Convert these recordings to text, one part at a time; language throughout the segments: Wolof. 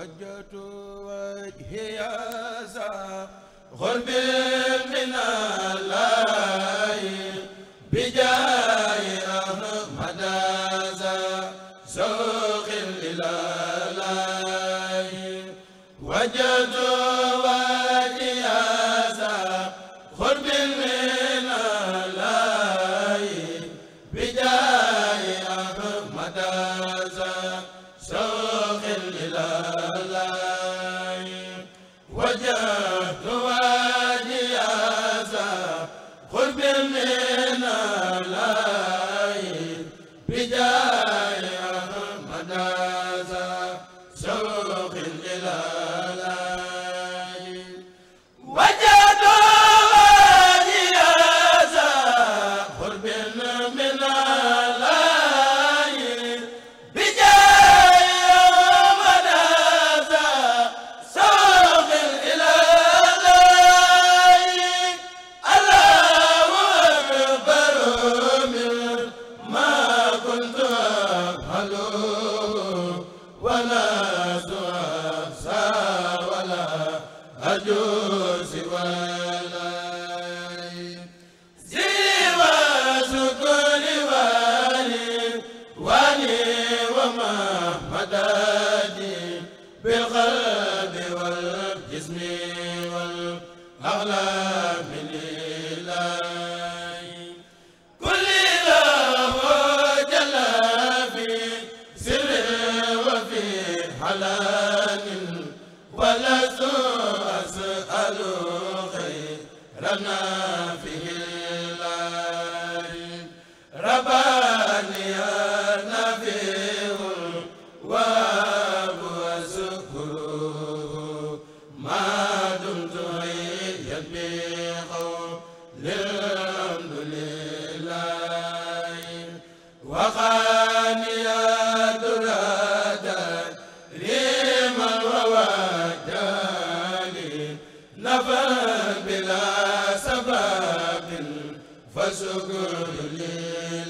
وجهت وجهي ذا غرب من الله علان شكر لله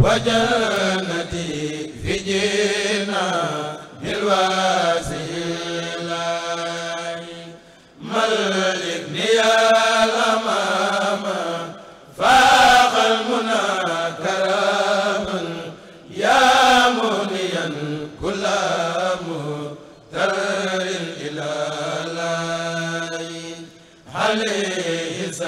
wajanati fi jina bilwa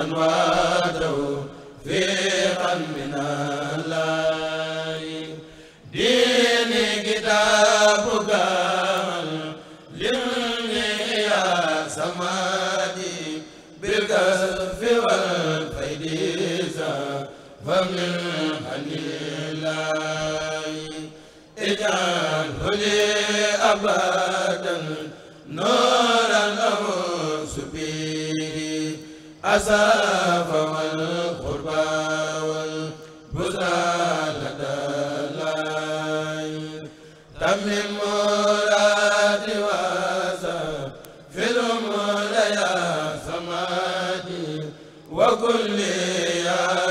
no أساف والقربى والبزالة الليل تمم مراد واسف في الأمور يا سمادي وكل يا